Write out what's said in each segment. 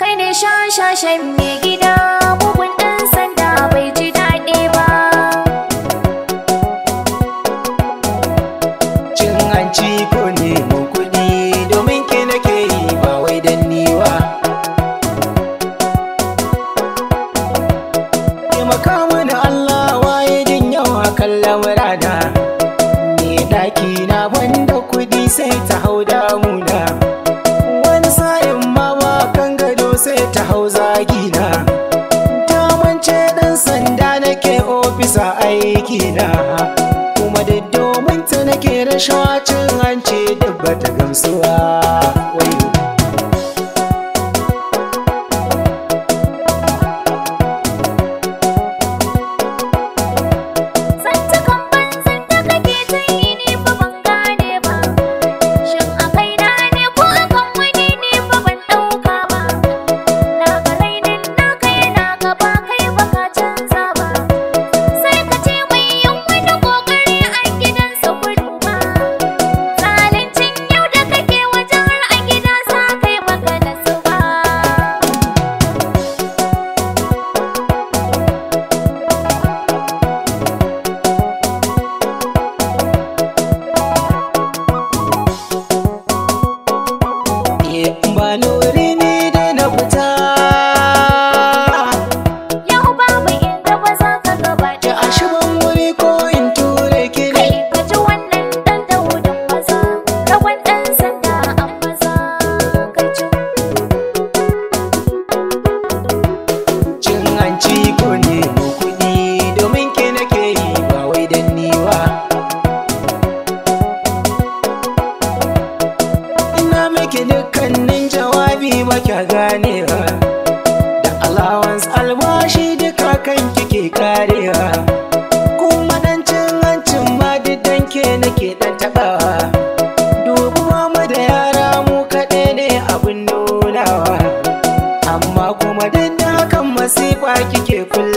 kai ne shashashen mai gida bugun ɗan sanda bai ji daɗi ba cin hanci ko nemo kuɗi domin ke nake yi ba wai dan niwa taimaka mana Allah waye jin yawa kallon rana ne ɗaki na wanda kuɗi sai ta hau damu cikina kuma da domin ta nake rashawa cin hanci duk bata gamsuwa wai it. ki dukkanin jawabi ba kya ba, da allowance albashi duka kan kike karewa kuma dan cin hancin ma didan ke nake dan tabawa dubu mu da yara mu kaɗai ne abin nunawa amma kuma duk da hakan masifa kike kula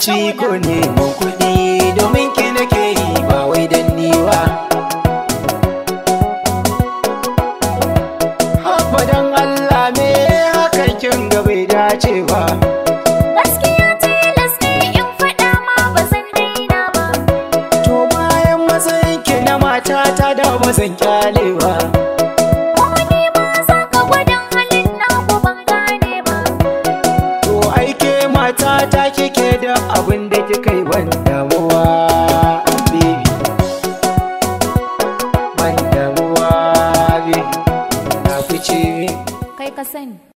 kasuwanci ko neman kuɗi domin ki nake yi ba wai dan niwa ba haba dan Allah me hakan kin ga bai dace ba gaskiya tilas ne in faɗa ma ba zan daina ba to bayan matsayin ki na matata ta da ba zan kyale ba mata ta ki kai ban damuwa baby ban damuwa baby na fice kai ka sani